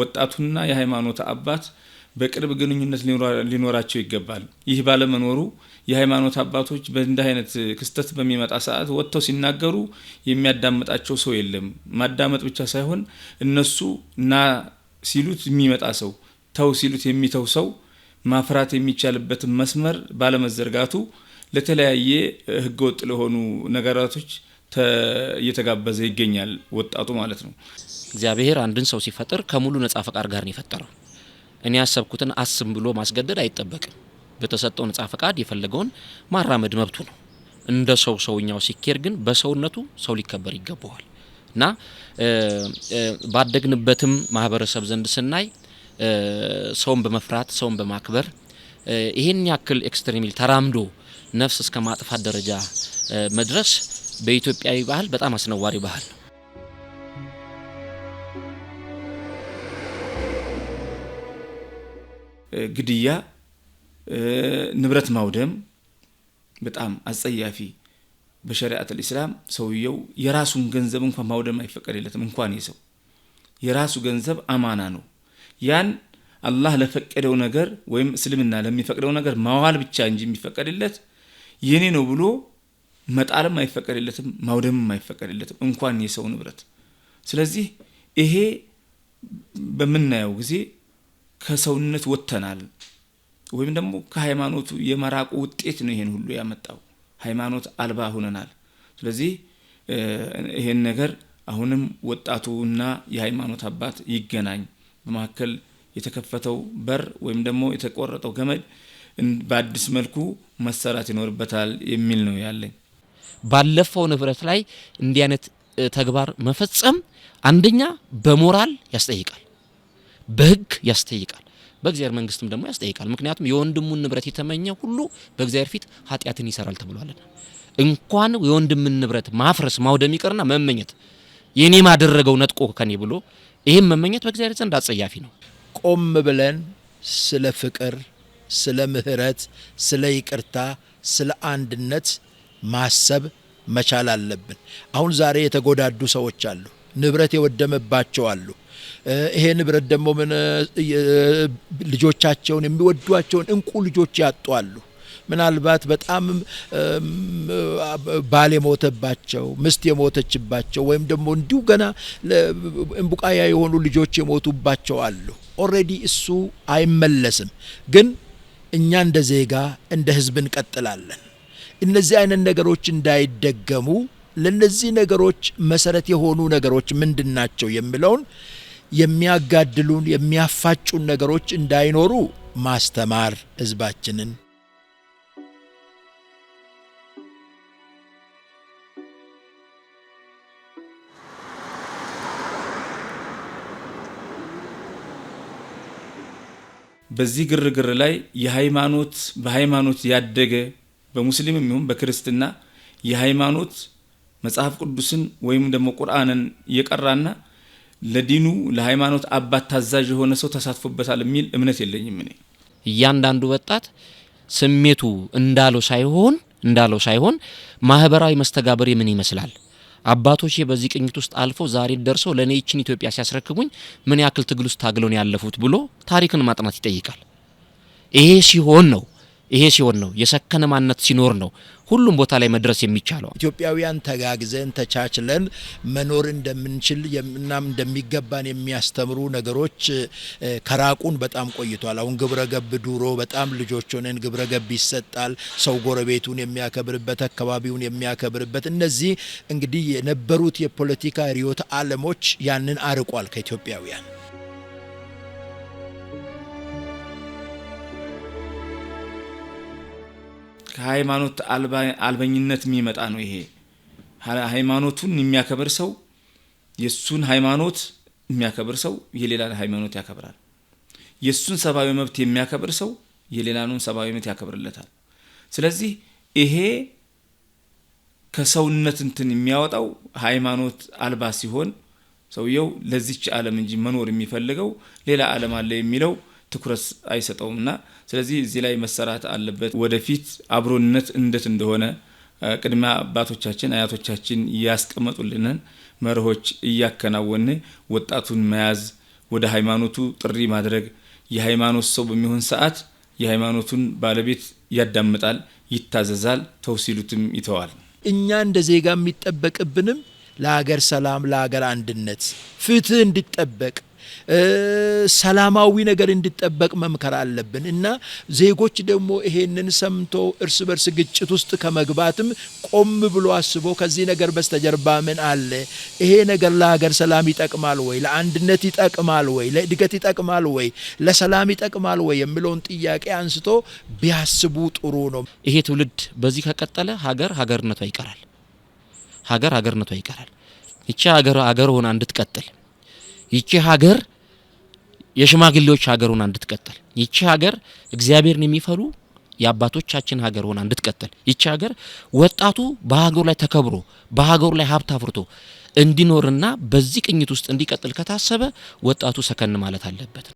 ወጣቱና የሃይማኖት አባት በቅርብ ግንኙነት ሊኖራቸው ይገባል። ይህ ባለመኖሩ የሃይማኖት አባቶች በእንዲህ አይነት ክስተት በሚመጣ ሰዓት ወጥተው ሲናገሩ የሚያዳምጣቸው ሰው የለም። ማዳመጥ ብቻ ሳይሆን እነሱ ና ሲሉት የሚመጣ ሰው፣ ተው ሲሉት የሚተው ሰው ማፍራት የሚቻልበትን መስመር ባለመዘርጋቱ ለተለያየ ህገወጥ ለሆኑ ነገራቶች እየተጋበዘ ይገኛል ወጣቱ ማለት ነው። እግዚአብሔር አንድን ሰው ሲፈጥር ከሙሉ ነጻ ፈቃድ ጋር ነው የፈጠረው። እኔ ያሰብኩትን አስም ብሎ ማስገደድ አይጠበቅም። በተሰጠው ነጻ ፈቃድ የፈለገውን ማራመድ መብቱ ነው። እንደ ሰው ሰውኛው ሲኬድ ግን በሰውነቱ ሰው ሊከበር ይገባዋል እና ባደግንበትም ማህበረሰብ ዘንድ ስናይ ሰውን በመፍራት ሰውን በማክበር ይሄን ያክል ኤክስትሪሚል ተራምዶ ነፍስ እስከ ማጥፋት ደረጃ መድረስ በኢትዮጵያዊ ባህል በጣም አስነዋሪ ባህል ነው። ግድያ፣ ንብረት ማውደም በጣም አጸያፊ በሸሪአት ኢስላም ሰውየው የራሱን ገንዘብ እንኳን ማውደም አይፈቀድለትም። እንኳን የሰው የራሱ ገንዘብ አማና ነው። ያን አላህ ለፈቀደው ነገር ወይም እስልምና ለሚፈቅደው ነገር ማዋል ብቻ እንጂ የሚፈቀድለት የኔ ነው ብሎ መጣልም አይፈቀድለትም፣ ማውደምም አይፈቀድለትም እንኳን የሰው ንብረት። ስለዚህ ይሄ በምናየው ጊዜ ከሰውነት ወጥተናል ወይም ደግሞ ከሃይማኖቱ የመራቁ ውጤት ነው ይሄን ሁሉ ያመጣው። ሃይማኖት አልባ ሁነናል ስለዚህ ይሄን ነገር አሁንም ወጣቱና የሃይማኖት አባት ይገናኝ። በመካከል የተከፈተው በር ወይም ደግሞ የተቆረጠው ገመድ በአዲስ መልኩ መሰራት ይኖርበታል የሚል ነው ያለኝ። ባለፈው ንብረት ላይ እንዲህ አይነት ተግባር መፈጸም አንደኛ በሞራል ያስጠይቃል። በህግ ያስጠይቃል፣ በእግዚአብሔር መንግስትም ደግሞ ያስጠይቃል። ምክንያቱም የወንድሙን ንብረት የተመኘ ሁሉ በእግዚአብሔር ፊት ኃጢአትን ይሰራል ተብሏልና እንኳን የወንድምን ንብረት ማፍረስ ማውደም ይቅርና መመኘት የኔ ማደረገው ነጥቆ ከኔ ብሎ ይህም መመኘት በእግዚአብሔር ዘንድ አጸያፊ ነው። ቆም ብለን ስለ ፍቅር፣ ስለ ምህረት፣ ስለ ይቅርታ፣ ስለ አንድነት ማሰብ መቻል አለብን። አሁን ዛሬ የተጎዳዱ ሰዎች አሉ። ንብረት የወደመባቸው አሉ። ይሄ ንብረት ደግሞ ምን ልጆቻቸውን የሚወዷቸውን እንቁ ልጆች ያጡ አሉ። ምናልባት በጣም ባል የሞተባቸው ምስት የሞተችባቸው ወይም ደግሞ እንዲሁ ገና እምቡቃያ የሆኑ ልጆች የሞቱባቸው አሉ። ኦልሬዲ እሱ አይመለስም። ግን እኛ እንደ ዜጋ እንደ ህዝብ እንቀጥላለን። እነዚህ አይነት ነገሮች እንዳይደገሙ ለነዚህ ነገሮች መሰረት የሆኑ ነገሮች ምንድን ናቸው የሚለውን የሚያጋድሉን የሚያፋጩን ነገሮች እንዳይኖሩ ማስተማር ህዝባችንን በዚህ ግርግር ላይ የሃይማኖት በሃይማኖት ያደገ በሙስሊም የሚሆን በክርስትና የሃይማኖት መጽሐፍ ቅዱስን ወይም ደግሞ ቁርአንን እየቀራና ለዲኑ ለሃይማኖት አባት ታዛዥ የሆነ ሰው ተሳትፎበታል የሚል እምነት የለኝም። እኔ እያንዳንዱ ወጣት ስሜቱ እንዳለው ሳይሆን እንዳለው ሳይሆን ማህበራዊ መስተጋበር ምን ይመስላል አባቶቼ በዚህ ቅኝት ውስጥ አልፈው ዛሬ ደርሰው ለእኔ ይችን ኢትዮጵያ ሲያስረክቡኝ ምን ያክል ትግል ውስጥ ታግለውን ያለፉት ብሎ ታሪክን ማጥናት ይጠይቃል። ይሄ ሲሆን ነው ይሄ ሲሆን ነው የሰከነ ማንነት ሲኖር ነው ሁሉም ቦታ ላይ መድረስ የሚቻለው። ኢትዮጵያውያን ተጋግዘን ተቻችለን መኖር እንደምንችል እናም እንደሚገባን የሚያስተምሩ ነገሮች ከራቁን በጣም ቆይቷል። አሁን ግብረ ገብ ዱሮ በጣም ልጆች ሆነን ግብረ ገብ ይሰጣል። ሰው ጎረቤቱን የሚያከብርበት፣ አካባቢውን የሚያከብርበት እነዚህ እንግዲህ የነበሩት የፖለቲካ ርዕዮተ ዓለሞች ያንን አርቋል ከኢትዮጵያውያን ከሃይማኖት አልበኝነት የሚመጣ ነው። ይሄ ሃይማኖቱን የሚያከብር ሰው የእሱን ሃይማኖት የሚያከብር ሰው የሌላን ሃይማኖት ያከብራል። የእሱን ሰብአዊ መብት የሚያከብር ሰው የሌላኑን ሰብአዊ መብት ያከብርለታል። ስለዚህ ይሄ ከሰውነት እንትን የሚያወጣው ሃይማኖት አልባ ሲሆን ሰውየው ለዚች ዓለም እንጂ መኖር የሚፈልገው ሌላ ዓለም አለ የሚለው ትኩረት አይሰጠውም እና ስለዚህ እዚህ ላይ መሰራት አለበት። ወደፊት አብሮነት እንዴት እንደሆነ ቅድሚያ አባቶቻችን አያቶቻችን እያስቀመጡልንን መርሆች እያከናወን ወጣቱን መያዝ፣ ወደ ሃይማኖቱ ጥሪ ማድረግ። የሃይማኖት ሰው በሚሆን ሰዓት የሃይማኖቱን ባለቤት ያዳምጣል፣ ይታዘዛል፣ ተውሲሉትም ይተዋል። እኛ እንደ ዜጋ የሚጠበቅብንም ለሀገር ሰላም፣ ለሀገር አንድነት፣ ፍትህ እንዲጠበቅ ሰላማዊ ነገር እንዲጠበቅ መምከር አለብን እና ዜጎች ደግሞ ይሄንን ሰምቶ እርስ በርስ ግጭት ውስጥ ከመግባትም ቆም ብሎ አስቦ ከዚህ ነገር በስተጀርባ ምን አለ? ይሄ ነገር ለሀገር ሰላም ይጠቅማል ወይ? ለአንድነት ይጠቅማል ወይ? ለእድገት ይጠቅማል ወይ? ለሰላም ይጠቅማል ወይ? የሚለውን ጥያቄ አንስቶ ቢያስቡ ጥሩ ነው። ይሄ ትውልድ በዚህ ከቀጠለ ሀገር ሀገርነቷ ይቀራል። ሀገር ሀገርነቷ ይቀራል። ይቺ ሀገር ሀገር ሆና እንድትቀጥል ይቺ ሀገር የሽማግሌዎች ሀገር ሆና እንድትቀጥል፣ ይቺ ሀገር እግዚአብሔርን የሚፈሩ የአባቶቻችን ሀገር ሆና እንድትቀጥል፣ ይቺ ሀገር ወጣቱ በሀገሩ ላይ ተከብሮ በሀገሩ ላይ ሀብት አፍርቶ እንዲኖርና በዚህ ቅኝት ውስጥ እንዲቀጥል ከታሰበ ወጣቱ ሰከን ማለት አለበት።